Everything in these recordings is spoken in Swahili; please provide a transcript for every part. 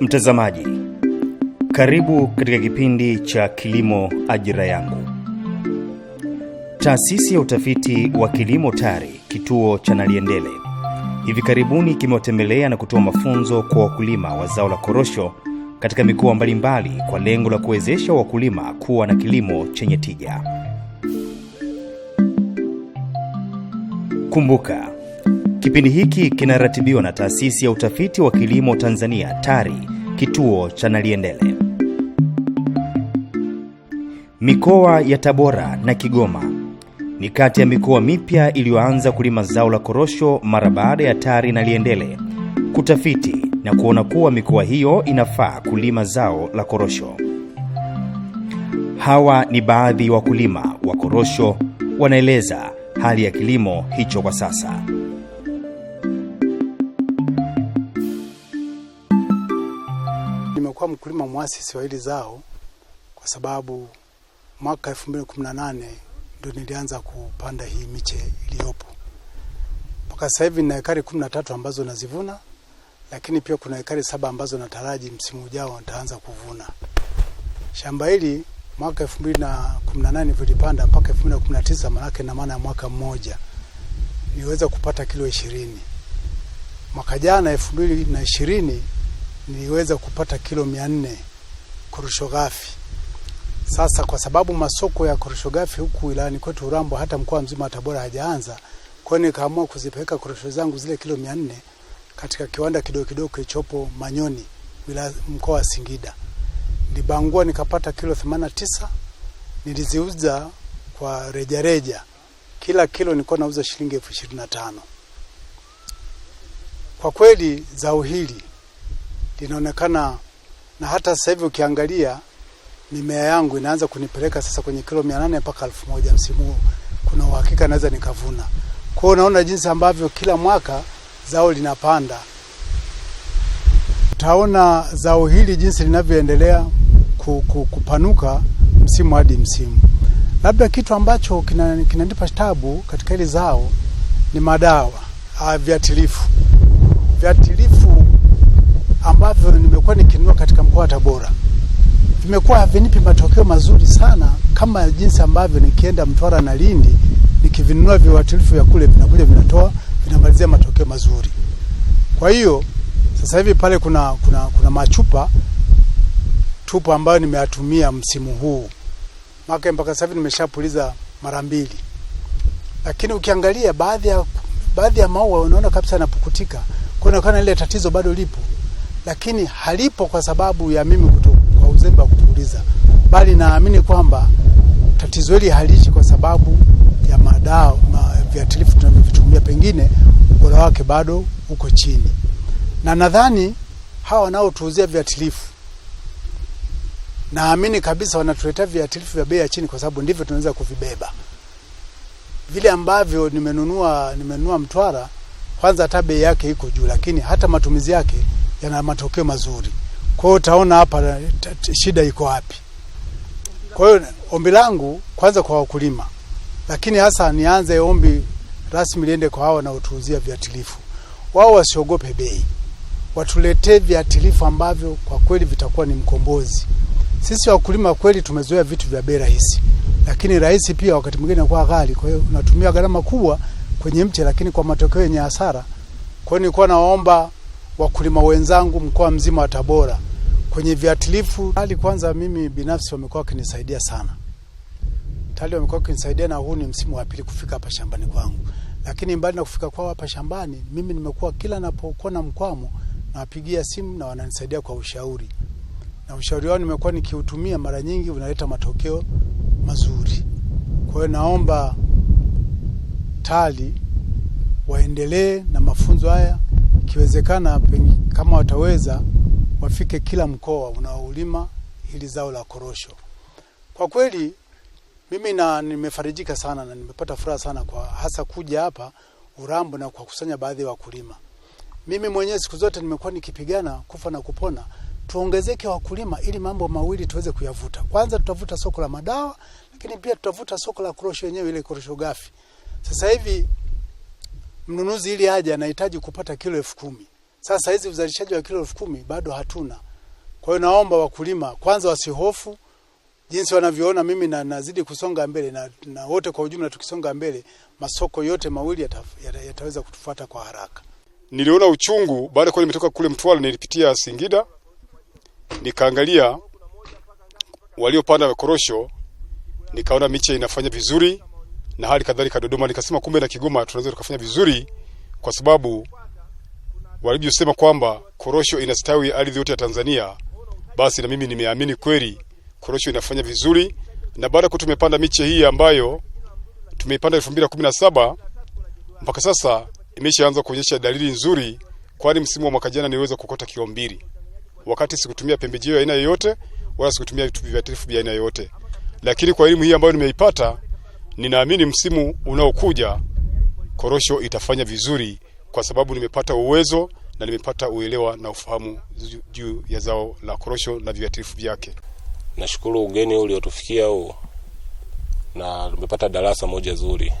Mtazamaji, karibu katika kipindi cha Kilimo Ajira Yangu. Taasisi ya utafiti wa kilimo TARI, kituo cha Naliendele hivi karibuni kimewatembelea na kutoa mafunzo kwa wakulima wa zao la korosho katika mikoa mbalimbali kwa lengo la kuwezesha wakulima kuwa na kilimo chenye tija. Kumbuka, kipindi hiki kinaratibiwa na Taasisi ya Utafiti wa Kilimo Tanzania TARI, kituo cha Naliendele. Mikoa ya Tabora na Kigoma ni kati ya mikoa mipya iliyoanza kulima zao la korosho mara baada ya Tari na Liendele kutafiti na kuona kuwa mikoa hiyo inafaa kulima zao la korosho. Hawa ni baadhi wa wakulima wa korosho wanaeleza hali ya kilimo hicho kwa sasa. Nimekuwa mkulima mwasisi wa hili zao kwa sababu mwaka ndo nilianza kupanda hii miche iliyopo mpaka sasa hivi na ekari kumi na tatu ambazo nazivuna, lakini pia kuna ekari saba ambazo nataraji msimu ujao nitaanza kuvuna. Shamba hili mwaka 2018 vilipanda mpaka 2019, manake na maana ya mwaka mmoja niweza kupata kilo ishirini. Mwaka jana elfu mbili na ishirini niliweza kupata kilo mia nne korosho ghafi. Sasa kwa sababu masoko ya korosho gafi huku wilayani kwetu Urambo, hata mkoa mzima wa Tabora hajaanza, kwa hiyo nikaamua kuzipeleka korosho zangu zile kilo mia nne katika kiwanda kidogo kidogo kilichopo Manyoni wilaya mkoa wa Singida. Nilibangua nikapata kilo 89 niliziuza kwa rejareja reja. Kila kilo nilikuwa nauza shilingi elfu ishirini na tano. Kwa kweli zao hili linaonekana na hata sasa hivi ukiangalia mimea yangu inaanza kunipeleka sasa kwenye kilo mia nane mpaka elfu moja msimu huu. Kuna uhakika naweza nikavuna. Kwa hiyo unaona jinsi ambavyo kila mwaka zao linapanda. Utaona zao hili jinsi linavyoendelea kupanuka msimu hadi msimu. Labda kitu ambacho kinanipa tabu katika hili zao ni madawa a, ah, viatilifu viatilifu ambavyo nimekuwa nikinunua katika mkoa wa Tabora vimekuwa havinipi matokeo mazuri sana kama jinsi ambavyo nikienda Mtwara na Lindi nikivinunua viuatilifu vya kule vinakuja vinatoa vinamalizia matokeo mazuri. Kwa hiyo sasa hivi pale kuna, kuna, kuna machupa tupa ambayo nimeyatumia msimu huu maka mpaka sasa hivi nimeshapuliza mara mbili, lakini ukiangalia baadhi ya baadhi ya maua unaona kabisa yanapukutika, kwa lile tatizo bado lipo, lakini halipo kwa sababu ya mimi kuto uzembe wa kupunguza, bali naamini kwamba tatizo hili haliishi kwa sababu ya madawa viatilifu tunavyovitumia, pengine ubora wake bado uko chini, na nadhani hawa wanaotuuzia viatilifu naamini kabisa wanatuletea viatilifu vya bei ya chini, kwa sababu ndivyo tunaweza kuvibeba vile ambavyo nimenunua nimenunua Mtwara. Kwanza hata bei yake iko juu, lakini hata matumizi yake yana matokeo mazuri. Kwa hiyo utaona hapa eh, shida iko wapi. Kwa hiyo ombi langu kwanza kwa wakulima, lakini hasa nianze ombi rasmi liende kwa hawa wanaotuuzia viatilifu. Wao wasiogope bei, watuletee viatilifu ambavyo kwa kweli vitakuwa ni mkombozi. Sisi wakulima kweli tumezoea vitu vya bei rahisi, lakini rahisi pia wakati mwingine inakuwa ghali. Kwa hiyo unatumia gharama kubwa kwenye mche, lakini kwa matokeo yenye hasara. Kwa hiyo nilikuwa nawaomba wakulima wenzangu mkoa mzima wa Tabora kwenye viatilifu hali kwanza, mimi binafsi wamekuwa wakinisaidia sana. TALI wamekuwa wakinisaidia, na huu ni msimu wa pili kufika hapa shambani kwangu, lakini mbali na kufika kwao hapa shambani, mimi nimekuwa kila napokuwa na mkwamo nawapigia simu na wananisaidia kwa ushauri, na ushauri wao nimekuwa nikiutumia mara nyingi unaleta matokeo mazuri. Kwa hiyo naomba TALI waendelee na mafunzo haya, ikiwezekana kama wataweza wafike kila mkoa unaoulima hili zao la korosho. Kwa kweli mimi na nimefarijika sana na nimepata furaha sana kwa hasa kuja hapa Urambo na kuwakusanya baadhi ya wakulima. Mimi mwenyewe siku zote nimekuwa nikipigana kufa na kupona tuongezeke wakulima ili mambo mawili tuweze kuyavuta. Kwanza tutavuta soko la madawa, lakini pia tutavuta soko la korosho yenyewe ile korosho gafi. Sasa hivi mnunuzi ili aje anahitaji kupata kilo elfu kumi sasa hizi uzalishaji wa kilo elfu kumi bado hatuna. Kwa hiyo naomba wakulima kwanza wasihofu jinsi wanavyoona mimi na nazidi kusonga mbele na, na wote kwa ujumla tukisonga mbele masoko yote mawili yata, yata, yataweza kutufuata kwa haraka. Niliona uchungu baada kwa nimetoka kule Mtwara, nilipitia Singida nikaangalia waliopanda korosho, nikaona miche inafanya vizuri na hali kadhalika Dodoma, nikasema kumbe na Kigoma tunaweza tukafanya vizuri kwa sababu walivyosema kwamba korosho inastawi ardhi yote ya Tanzania, basi na mimi nimeamini kweli korosho inafanya vizuri, na baada ya tumepanda miche hii ambayo tumeipanda 2017 mpaka sasa imeshaanza kuonyesha dalili nzuri, kwani msimu wa mwaka jana niweza kukota kilo mbili, wakati sikutumia pembejeo aina yoyote wala sikutumia viuatilifu vya aina yoyote. Lakini kwa elimu hii ambayo nimeipata, ninaamini msimu unaokuja korosho itafanya vizuri kwa sababu nimepata uwezo na nimepata uelewa na ufahamu juu ya zao la korosho na viuatilifu vyake. Nashukuru ugeni uliotufikia huu, na tumepata darasa moja zuri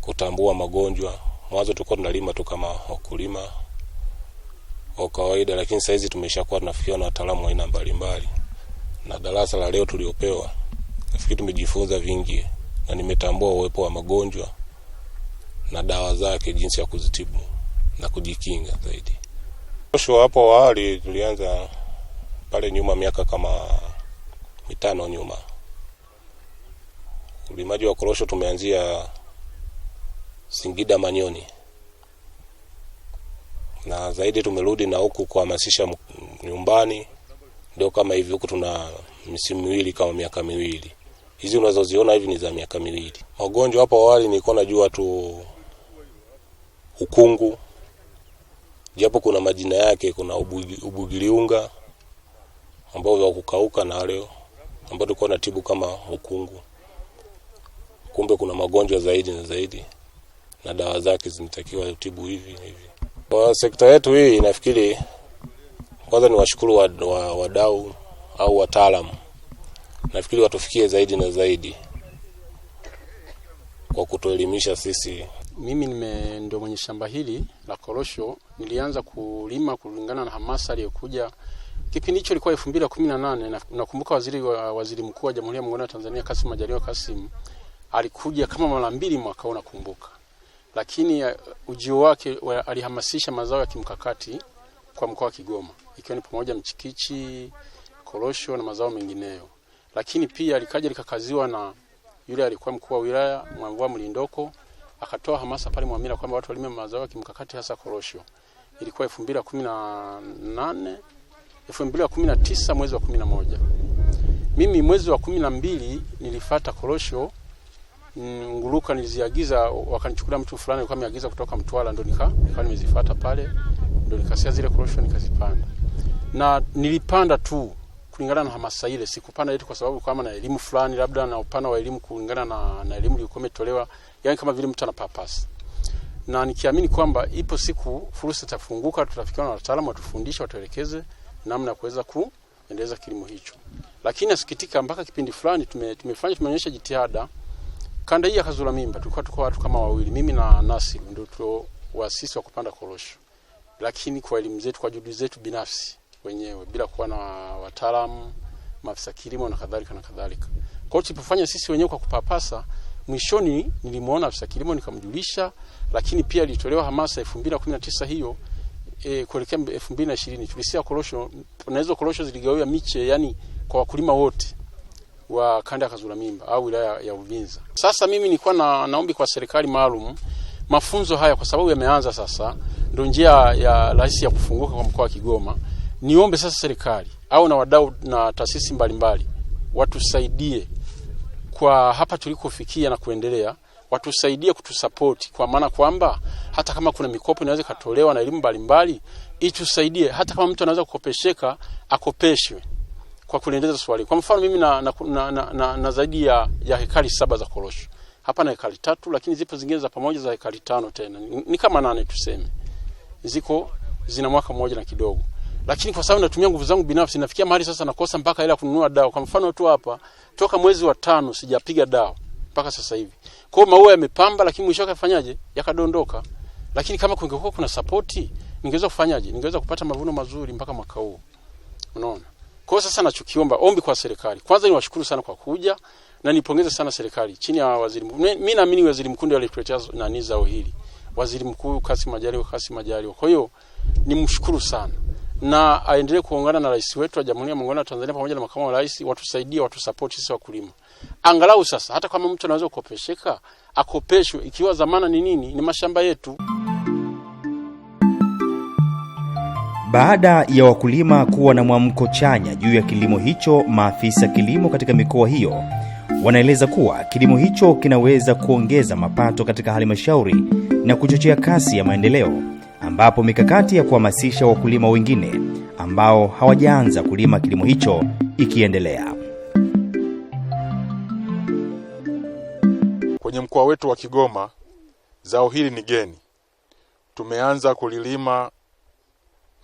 kutambua magonjwa. Mwanzo tulikuwa tunalima tu kama wakulima wa kawaida, lakini sahizi hizi tumeshakuwa tunafikiwa na wataalamu wa aina mbalimbali, na darasa la leo tuliopewa, nafikiri tumejifunza vingi na nimetambua uwepo wa magonjwa na dawa zake, jinsi ya kuzitibu na kujikinga zaidi. Osho hapo awali tulianza pale nyuma, miaka kama mitano nyuma, ulimaji wa korosho tumeanzia Singida Manyoni, na zaidi tumerudi na huku kuhamasisha nyumbani. Ndio kama hivi huku tuna misimu miwili kama miaka miwili hizi unazoziona hivi ni za miaka miwili. Magonjwa hapo awali nilikuwa najua tu ukungu, japo kuna majina yake. Kuna ubugiliunga ambao wa kukauka na wale ambao tulikuwa tibu kama ukungu, kumbe kuna magonjwa zaidi na zaidi, na dawa zake zinatakiwa tibu hivi hivi. Kwa sekta yetu hii, nafikiri kwanza ni washukuru wadau wa, wa au wataalamu, nafikiri watufikie zaidi na zaidi kwa kutuelimisha sisi. Mimi nime ndio mwenye shamba hili la korosho. Nilianza kulima kulingana na hamasa aliyokuja kipindi hicho, ilikuwa 2018 nakumbuka. Waziri wa waziri mkuu wa Jamhuri ya Muungano wa Tanzania Kassim Majaliwa Kassim alikuja kama mara mbili mwaka huu nakumbuka, lakini eh, ujio wake alihamasisha mazao ya kimkakati kwa mkoa wa Kigoma, ikiwa ni pamoja mchikichi, korosho na mazao mengineyo, lakini pia alikaja likakaziwa na yule alikuwa mkuu wa wilaya Mwamvua Mlindoko akatoa hamasa pale Mwamira kwamba watu walime mazao ya kimkakati hasa korosho. Ilikuwa 2018 2019 mwezi wa 11. Mimi mwezi wa 12 nilifuata korosho nguruka, niliziagiza wakanichukulia mtu fulani alikuwa ameagiza kutoka Mtwara, ndo nika nikawa nimezifuata pale, ndo nikasia zile korosho nikazipanda, na nilipanda tu kulingana na hamasa ile. Sikupanda yetu kwa sababu kama na elimu fulani labda na upana wa elimu kulingana na na elimu iliyokuwa imetolewa, yani kama vile mtu ana purpose. Na nikiamini kwamba ipo siku fursa itafunguka, tutafikiana na wataalamu watufundishe, watuelekeze namna ya kuweza kuendeleza kilimo hicho. Lakini nasikitika mpaka kipindi fulani tume, tumefanya tumeonyesha jitihada kanda hii ya Kazula Mimba, tulikuwa tuko watu kama wawili, mimi na Nasir ndio tulio waasisi wa kupanda korosho, lakini kwa elimu zetu, kwa juhudi zetu binafsi wenyewe bila kuwa na wataalamu, maafisa kilimo na kadhalika na kadhalika. Kwa hiyo tulipofanya sisi wenyewe kwa kupapasa, mwishoni nilimuona afisa kilimo nikamjulisha, lakini pia ilitolewa hamasa 2019 hiyo e, kuelekea 2020 tulisia korosho na hizo korosho ziligawia miche, yani kwa wakulima wote wa kanda ya Kazula Mimba au wilaya ya Uvinza. Sasa mimi nilikuwa na naombi kwa serikali maalum mafunzo haya kwa sababu yameanza sasa, ndio njia ya rahisi ya kufunguka kwa mkoa wa Kigoma. Niombe sasa serikali au na wadau na taasisi mbalimbali watusaidie kwa hapa tulikofikia na kuendelea, watusaidie kutusapoti, kwa maana kwamba hata kama kuna mikopo inaweza ikatolewa na elimu mbalimbali itusaidie, hata kama mtu anaweza kukopesheka akopeshwe kwa kuendeleza swali. Kwa mfano mimi na, na, na, na, na, na zaidi ya, ya hekari saba za korosho hapa na hekari tatu, lakini zipo zingine za pamoja za hekari tano tena ni, ni kama nane tuseme, ziko zina mwaka mmoja na kidogo. Lakini kwa sababu natumia nguvu zangu binafsi, nafikia mahali sasa nakosa mpaka hela kununua dawa. Kwa mfano tu hapa, toka mwezi wa tano sijapiga dawa mpaka sasa hivi. Kwa hiyo maua yamepamba, lakini mwisho akafanyaje? Yakadondoka. Lakini kama kungekuwa kuna sapoti, ningeweza kufanyaje? Ningeweza kupata mavuno mazuri mpaka mwaka huu. Unaona? Kwa sasa nachokiomba ombi kwa serikali. Kwanza niwashukuru sana kwa kuja na nipongeze sana serikali chini ya waziri mkuu. Mimi naamini waziri mkuu ndiye alikuletea nani zao hili. Waziri Mkuu Kassim Majaliwa, Kassim Majaliwa. Kwa hiyo nimshukuru sana na aendelee kuungana na rais wetu wa Jamhuri ya Muungano wa Tanzania pamoja na makamu wa rais, watusaidie, watusapoti sisi wakulima. Angalau sasa hata kama mtu anaweza kukopesheka, akopeshwe, ikiwa dhamana ni nini? Ni mashamba yetu. Baada ya wakulima kuwa na mwamko chanya juu ya kilimo hicho, maafisa kilimo katika mikoa hiyo wanaeleza kuwa kilimo hicho kinaweza kuongeza mapato katika halmashauri na kuchochea kasi ya maendeleo ambapo mikakati ya kuhamasisha wakulima wengine ambao hawajaanza kulima kilimo hicho ikiendelea. Kwenye mkoa wetu wa Kigoma zao hili ni geni, tumeanza kulilima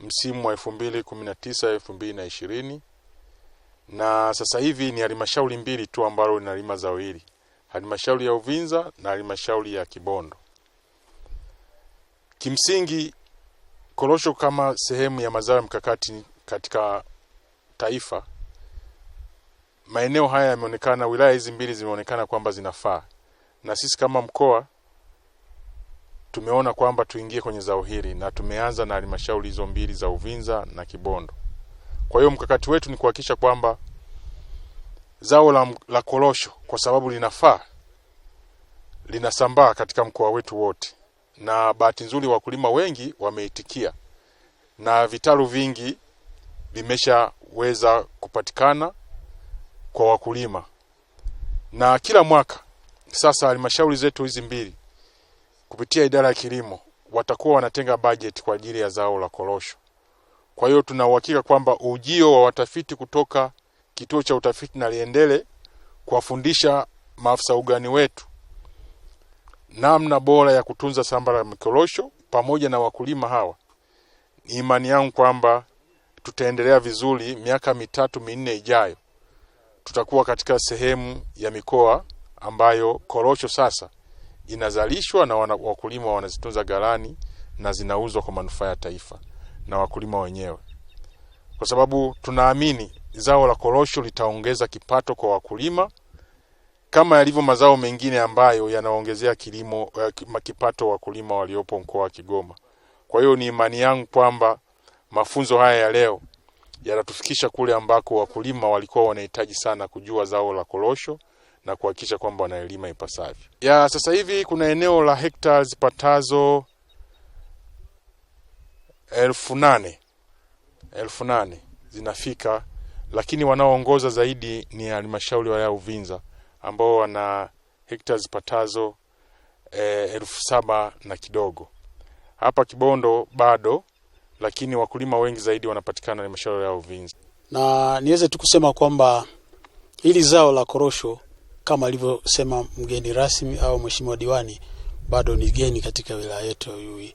msimu wa 2019 2020 na sasa hivi ni halmashauri mbili tu ambalo linalima zao hili, halmashauri ya Uvinza na halmashauri ya Kibondo. Kimsingi, korosho kama sehemu ya mazao ya mkakati katika taifa, maeneo haya yameonekana, wilaya hizi mbili zimeonekana kwamba zinafaa, na sisi kama mkoa tumeona kwamba tuingie kwenye zao hili, na tumeanza na halmashauri hizo mbili za Uvinza na Kibondo. Kwa hiyo mkakati wetu ni kuhakikisha kwamba zao la, la korosho kwa sababu linafaa linasambaa katika mkoa wetu wote na bahati nzuri wakulima wengi wameitikia na vitalu vingi vimeshaweza kupatikana kwa wakulima, na kila mwaka sasa halmashauri zetu hizi mbili kupitia idara ya kilimo watakuwa wanatenga bajeti kwa ajili ya zao la korosho. Kwa hiyo tuna uhakika kwamba ujio wa watafiti kutoka kituo cha utafiti na Liendele kuwafundisha maafisa ugani wetu namna bora ya kutunza shamba la mikorosho pamoja na wakulima hawa, ni imani yangu kwamba tutaendelea vizuri. Miaka mitatu minne ijayo, tutakuwa katika sehemu ya mikoa ambayo korosho sasa inazalishwa na wana, wakulima wanazitunza ghalani na zinauzwa kwa manufaa ya taifa na wakulima wenyewe, kwa sababu tunaamini zao la korosho litaongeza kipato kwa wakulima kama yalivyo mazao mengine ambayo yanaongezea kilimo eh, kipato wakulima waliopo mkoa wa Kigoma. Kwa hiyo ni imani yangu kwamba mafunzo haya ya leo yanatufikisha kule ambako wakulima walikuwa wanahitaji sana kujua zao la korosho na kuhakikisha kwamba wanaelima ipasavyo. Ya sasa hivi kuna eneo la hekta zipatazo elfu nane elfu nane zinafika, lakini wanaoongoza zaidi ni halmashauri ya Uvinza ambao wana hekta zipatazo e, elfu saba na kidogo. Hapa Kibondo bado, lakini wakulima wengi zaidi wanapatikana halmashauri ya Uvinza, na niweze tu kusema kwamba hili zao la korosho kama alivyosema mgeni rasmi au mheshimiwa diwani bado ni geni katika wilaya yetu ya Uyui,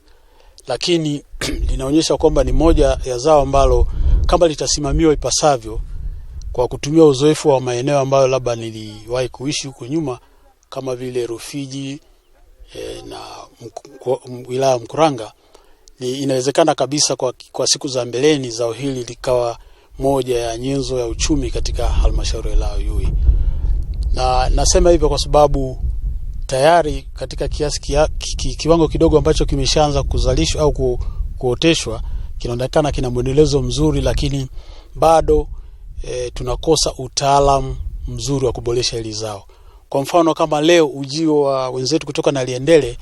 lakini linaonyesha kwamba ni moja ya zao ambalo kama litasimamiwa ipasavyo kwa kutumia uzoefu wa maeneo ambayo labda niliwahi kuishi huko nyuma kama vile Rufiji e, na wilaya ya Mkuranga ni inawezekana kabisa kwa, kwa siku za mbeleni zao hili likawa moja ya nyenzo ya uchumi katika halmashauri ya wilaya Uyui. Na nasema hivyo kwa sababu tayari katika kiasi kia, ki, kiwango kidogo ambacho kimeshaanza kuzalishwa au ku, kuoteshwa kinaonekana kina mwendelezo mzuri, lakini bado e, tunakosa utaalamu mzuri wa kuboresha hili zao. Kwa mfano kama leo ujio wa wenzetu kutoka Naliendele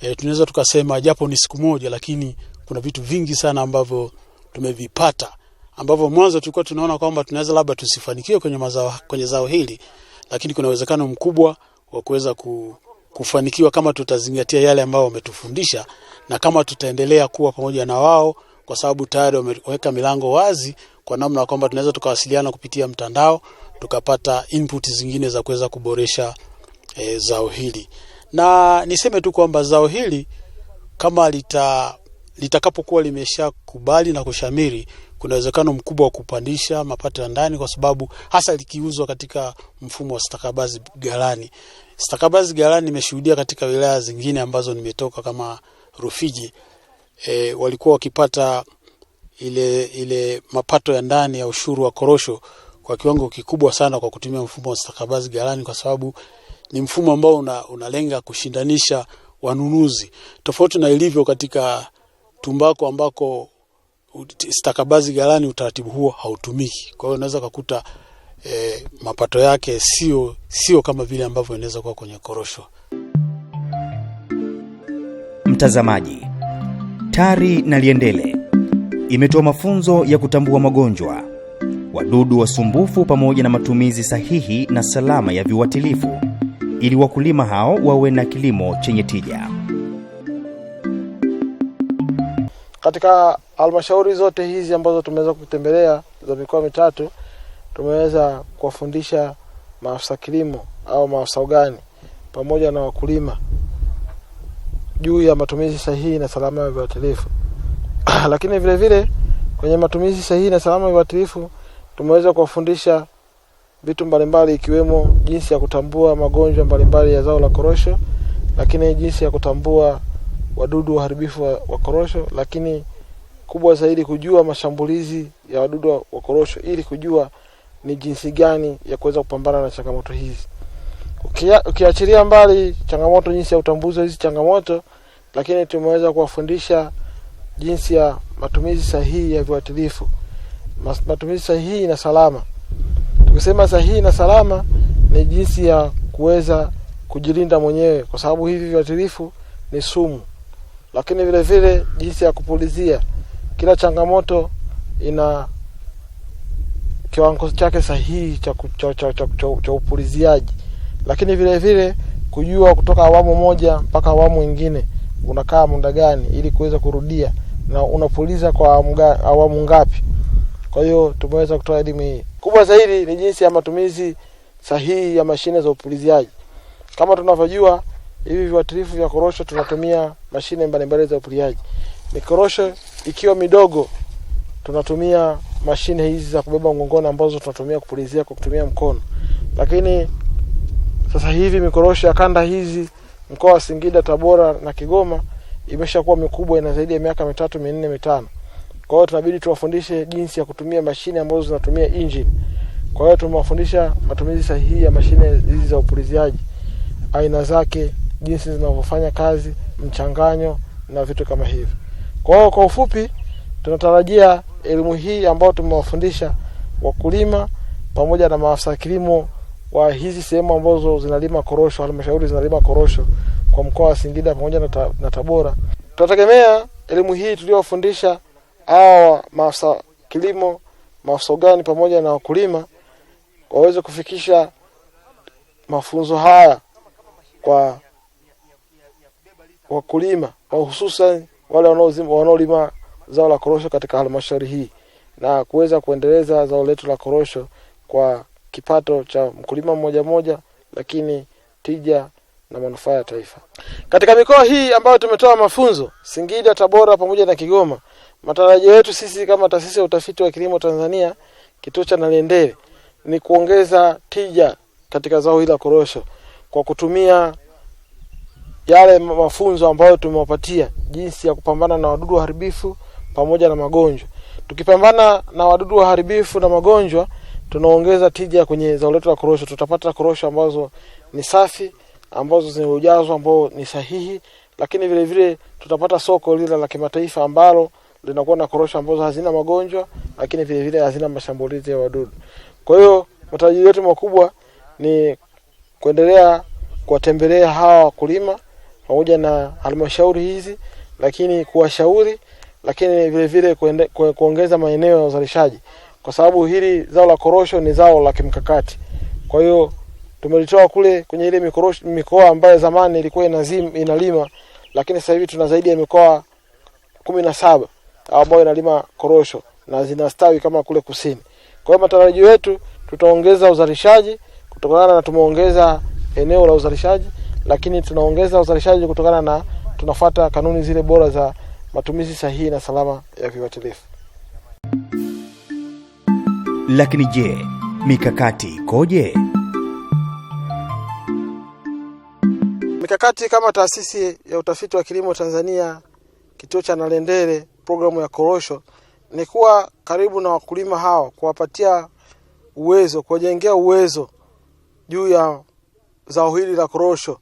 e, tunaweza tukasema japo ni siku moja, lakini kuna vitu vingi sana ambavyo tumevipata ambavyo mwanzo tulikuwa tunaona kwamba tunaweza labda tusifanikiwe kwenye mazao, kwenye zao hili, lakini kuna uwezekano mkubwa wa kuweza kufanikiwa kama tutazingatia yale ambayo wametufundisha na kama tutaendelea kuwa pamoja na wao, kwa sababu tayari wameweka milango wazi kwa namna kwamba tunaweza tukawasiliana kupitia mtandao tukapata input zingine za kuweza kuboresha e, zao hili, na niseme tu kwamba zao hili kama lita litakapokuwa limesha kubali na kushamiri, kuna uwezekano mkubwa wa kupandisha mapato ya ndani, kwa sababu hasa likiuzwa katika mfumo wa stakabazi ghalani. Stakabazi ghalani nimeshuhudia katika wilaya zingine ambazo nimetoka kama Rufiji, e, walikuwa wakipata ile, ile mapato ya ndani ya ushuru wa korosho kwa kiwango kikubwa sana kwa kutumia mfumo wa stakabadhi ghalani, kwa sababu ni mfumo ambao una, unalenga kushindanisha wanunuzi tofauti na ilivyo katika tumbako ambako stakabadhi ghalani utaratibu huo hautumiki. Kwa hiyo unaweza kukuta eh, mapato yake sio sio kama vile ambavyo inaweza kuwa kwenye korosho. Mtazamaji, TARI na Liendele imetoa mafunzo ya kutambua magonjwa, wadudu wasumbufu, pamoja na matumizi sahihi na salama ya viuatilifu ili wakulima hao wawe na kilimo chenye tija. Katika halmashauri zote hizi ambazo tumeweza kutembelea za mikoa mitatu, tumeweza kuwafundisha maafisa kilimo au maafisa ugani pamoja na wakulima juu ya matumizi sahihi na salama ya viuatilifu. lakini vile vile kwenye matumizi sahihi na salama ya uatilifu tumeweza kuwafundisha vitu mbalimbali ikiwemo jinsi ya kutambua magonjwa mbalimbali ya zao la korosho, lakini jinsi ya kutambua wadudu waharibifu wa, wa korosho, lakini kubwa zaidi kujua mashambulizi ya wadudu wa, korosho ili kujua ni jinsi gani ya kuweza kupambana na changamoto hizi. ukiachilia mbali changamoto jinsi ya utambuzi wa hizi changamoto, lakini tumeweza kuwafundisha jinsi ya matumizi sahihi ya viwatilifu matumizi sahihi na salama. Tukisema sahihi na salama, ni jinsi ya kuweza kujilinda mwenyewe, kwa sababu hivi viwatilifu ni sumu, lakini vile vile jinsi ya kupulizia. Kila changamoto ina kiwango chake sahihi cha, cha, cha, cha, cha upuliziaji, lakini vile vile kujua kutoka awamu moja mpaka awamu nyingine unakaa muda gani, ili kuweza kurudia na unapuliza kwa awamu ngapi. Kwa hiyo tumeweza kutoa elimu hii. Kubwa zaidi ni jinsi ya matumizi sahihi ya mashine za upuliziaji. Kama tunavyojua, hivi viwatilifu vya korosho tunatumia mashine mbalimbali za upuliaji. Mikorosho ikiwa midogo, tunatumia mashine hizi za kubeba mgongoni ambazo tunatumia kupulizia kwa kutumia mkono, lakini sasa hivi mikorosho ya kanda hizi mkoa wa Singida, Tabora na Kigoma imeshakuwa mikubwa, ina zaidi ya miaka mitatu minne mitano. Kwa hiyo tunabidi tuwafundishe jinsi ya kutumia mashine ambazo zinatumia engine. Kwa hiyo tumewafundisha matumizi sahihi ya mashine hizi za upuliziaji, aina zake, jinsi zinavyofanya kazi, mchanganyo na vitu kama hivyo. Kwa hiyo kwa ufupi, tunatarajia elimu hii ambayo tumewafundisha wakulima pamoja na maafisa kilimo wa hizi sehemu ambazo zinalima korosho, halmashauri zinalima korosho kwa mkoa wa Singida pamoja na, ta, na Tabora. Tunategemea elimu hii tuliyofundisha hawa maafisa kilimo, maafisa ugani pamoja na wakulima waweze kufikisha mafunzo haya kwa wakulima kwa hususan wale wanaolima zao la korosho katika halmashauri hii na kuweza kuendeleza zao letu la korosho kwa kipato cha mkulima mmoja mmoja, lakini tija na manufaa ya taifa. Katika mikoa hii ambayo tumetoa mafunzo, Singida, Tabora pamoja na Kigoma, matarajio yetu sisi kama taasisi ya utafiti wa kilimo Tanzania, kituo cha Naliendele, ni kuongeza tija katika zao hili la korosho kwa kutumia yale mafunzo ambayo tumewapatia jinsi ya kupambana na wadudu waharibifu pamoja na magonjwa. Tukipambana na wadudu waharibifu na magonjwa, tunaongeza tija kwenye zao letu la korosho. Tutapata korosho ambazo ni safi ambazo zenye ujazo ambao ni sahihi, lakini vile vile tutapata soko lile la kimataifa ambalo linakuwa na korosho ambazo hazina magonjwa, lakini vile vile hazina mashambulizi ya wadudu. Kwa hiyo matarajio yetu makubwa ni kuendelea kuwatembelea hawa wakulima pamoja na halmashauri hizi, lakini kuwashauri, lakini vile vile kuongeza maeneo ya uzalishaji, kwa sababu hili zao la korosho ni zao la kimkakati. Kwa hiyo tumelitoa kule kwenye ile mikoa ambayo zamani ilikuwa inalima lakini sasa hivi tuna zaidi ya mikoa kumi na saba ambayo inalima korosho na zinastawi kama kule kusini. Kwa hiyo matarajio yetu tutaongeza uzalishaji kutokana na tumeongeza eneo la uzalishaji, lakini tunaongeza uzalishaji kutokana na tunafuata kanuni zile bora za matumizi sahihi na salama ya viuatilifu. Lakini je, mikakati ikoje? Mikakati kama Taasisi ya Utafiti wa Kilimo Tanzania, kituo cha Nalendele, programu ya korosho ni kuwa karibu na wakulima hawa, kuwapatia uwezo, kuwajengea uwezo juu ya zao hili la korosho,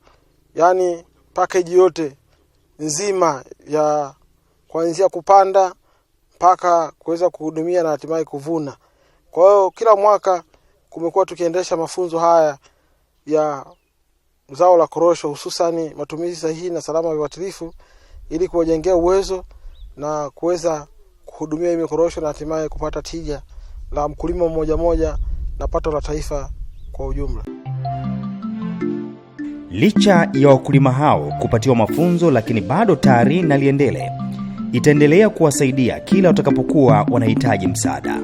yaani pakeji yote nzima ya kuanzia kupanda mpaka kuweza kuhudumia na hatimaye kuvuna. Kwa hiyo kila mwaka kumekuwa tukiendesha mafunzo haya ya zao la korosho, hususani matumizi sahihi na salama ya viuatilifu ili kuwajengea uwezo na kuweza kuhudumia hiyo korosho na hatimaye kupata tija la mkulima mmoja mmoja na pato la taifa kwa ujumla. Licha ya wakulima hao kupatiwa mafunzo, lakini bado na liendele itaendelea kuwasaidia kila watakapokuwa wanahitaji msaada.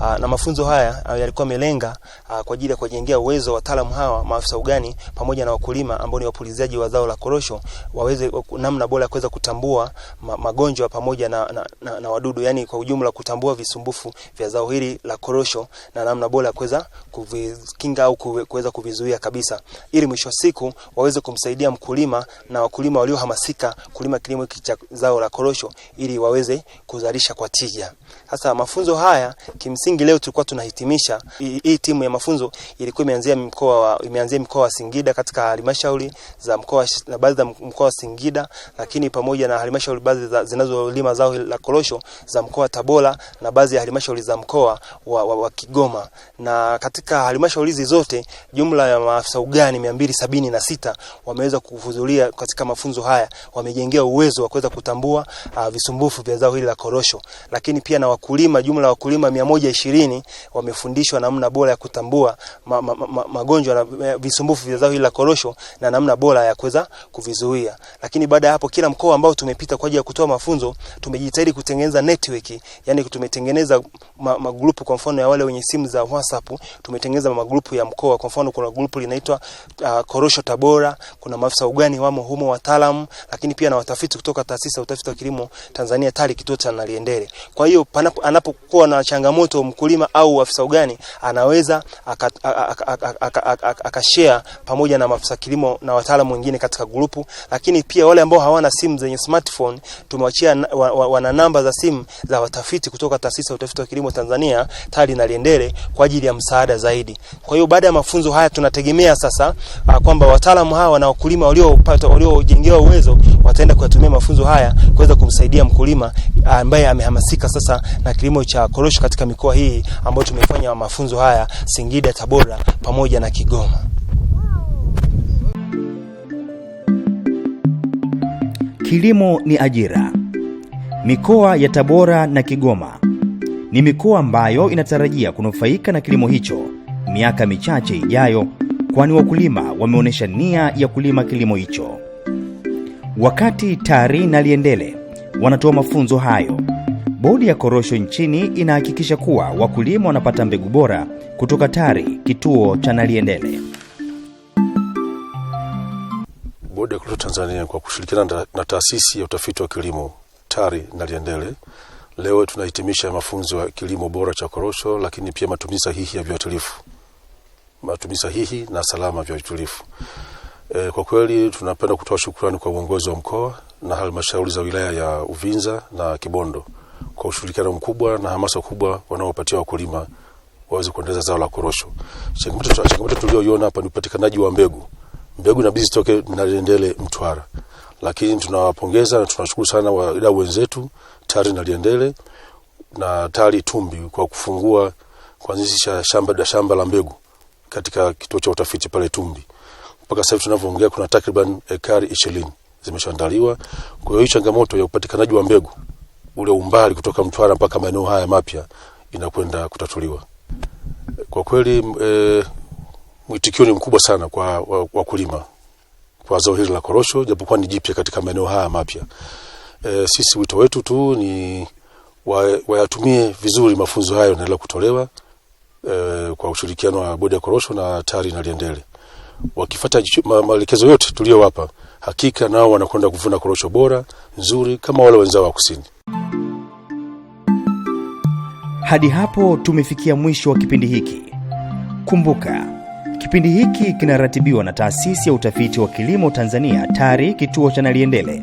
Ah, na mafunzo haya ah, yalikuwa melenga ah, kwa ajili ya kujengea uwezo wataalamu hawa maafisa ugani pamoja na wakulima ambao ni wapulizaji wa zao la korosho waweze namna bora ya kuweza kutambua magonjwa pamoja na, na, na, na wadudu, yani kwa ujumla kutambua visumbufu vya zao hili la korosho na namna bora ya kuweza kuvikinga au kuweza kuvizuia kabisa, ili mwisho wa siku waweze kumsaidia mkulima na wakulima waliohamasika kulima kilimo hiki cha zao la korosho ili waweze kuzalisha kwa tija. hasa mafunzo haya kimsi kimsingi leo tulikuwa tunahitimisha hii timu ya mafunzo ilikuwa imeanzia mkoa wa imeanzia mkoa wa Singida katika halmashauri za mkoa na baadhi za mkoa wa Singida, lakini pamoja na halmashauri baadhi za zinazolima zao la korosho za mkoa wa Tabora na baadhi ya halmashauri za mkoa wa, wa, wa Kigoma. Na katika halmashauri hizi zote jumla ya maafisa ugani mia sita wameweza kuhudhuria katika mafunzo haya, wamejengea uwezo wa kuweza kutambua uh, visumbufu vya zao hili la korosho, lakini pia na wakulima jumla wakulima ishirini wamefundishwa namna bora ya kutambua ma, ma, ma, magonjwa na eh, visumbufu vya zao hili la korosho na namna bora ya kuweza kuvizuia. Lakini baada ya hapo, kila mkoa ambao tumepita kwa ajili ya kutoa mafunzo tumejitahidi kutengeneza network, yani tumetengeneza magrupu ma kwa mfano ya wale wenye simu za WhatsApp, tumetengeneza magrupu ya mkoa. Kwa mfano kuna grupu linaitwa uh, Korosho Tabora, kuna maafisa ugani wamo humo wataalamu, lakini pia na watafiti kutoka taasisi ya utafiti wa kilimo Tanzania TARI kituo cha Naliendele. Kwa hiyo anapokuwa na changamoto mkulima au afisa ugani anaweza akashare pamoja na maafisa kilimo na wataalamu wengine katika grupu, lakini pia wale ambao hawana simu zenye smartphone tumewachia wana namba za simu za watafiti kutoka taasisi ya utafiti wa kilimo Tanzania TARI na Liendele kwa ajili ya msaada zaidi. Kwa hiyo baada ya mafunzo haya tunategemea sasa kwamba wataalamu hawa na wakulima waliopata waliojengewa uwezo wataenda kuyatumia mafunzo haya kuweza kumsaidia mkulima ambaye amehamasika sasa na kilimo cha korosho katika mikoa hii ambayo tumefanya mafunzo haya Singida, Tabora pamoja na Kigoma. Kilimo ni ajira. Mikoa ya Tabora na Kigoma ni mikoa ambayo inatarajia kunufaika na kilimo hicho miaka michache ijayo, kwani wakulima wameonyesha nia ya kulima kilimo hicho. Wakati TARI na Liendele wanatoa mafunzo hayo Bodi ya Korosho nchini inahakikisha kuwa wakulima wanapata mbegu bora kutoka TARI kituo cha Naliendele. Bodi ya Korosho Tanzania kwa kushirikiana na taasisi ya utafiti wa kilimo TARI Naliendele leo tunahitimisha mafunzo ya kilimo bora cha korosho, lakini pia matumizi sahihi ya viwatilifu matumizi sahihi na salama viwatilifu E, kwa kweli tunapenda kutoa shukrani kwa uongozi wa mkoa na halmashauri za wilaya ya Uvinza na Kibondo kwa ushirikiano mkubwa na hamasa kubwa wanaopatia wakulima waweze kuendeleza zao la korosho. Changamoto tulioiona hapa ni upatikanaji wa mbegu. Mbegu inabidi zitoke Naliendele, Mtwara, lakini tunawapongeza na tunashukuru sana wadau wenzetu TARI Naliendele na TARI Tumbi kwa kufungua kuanzisha shamba la shamba la mbegu katika kituo cha utafiti pale Tumbi. Mpaka sasa tunavyoongea kuna takriban ekari ishirini zimeshaandaliwa. Kwa hiyo changamoto ya upatikanaji wa mbegu ule umbali kutoka Mtwara mpaka maeneo haya mapya inakwenda kutatuliwa. Kwa kweli e, mwitikio ni mkubwa sana kwa wakulima kwa zao hili la korosho, japokuwa ni jipya katika maeneo haya mapya. E, sisi wito wetu tu ni wayatumie vizuri mafunzo hayo yanaendelea kutolewa e, kwa ushirikiano wa bodi ya korosho na TARI na Liendele, maelekezo yote tuliyowapa hakika nao wanakwenda kuvuna korosho bora nzuri kama wale wenzao wa kusini. Hadi hapo tumefikia mwisho wa kipindi hiki. Kumbuka, kipindi hiki kinaratibiwa na Taasisi ya Utafiti wa Kilimo Tanzania, TARI, kituo cha Naliendele.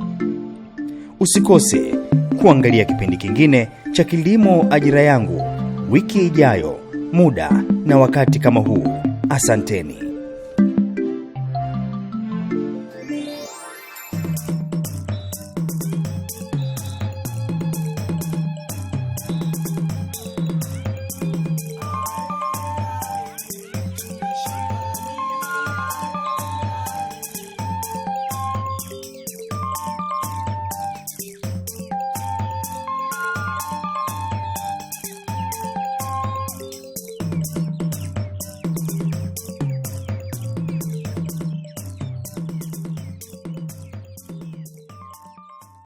Usikose kuangalia kipindi kingine cha Kilimo Ajira Yangu wiki ijayo, muda na wakati kama huu. Asanteni.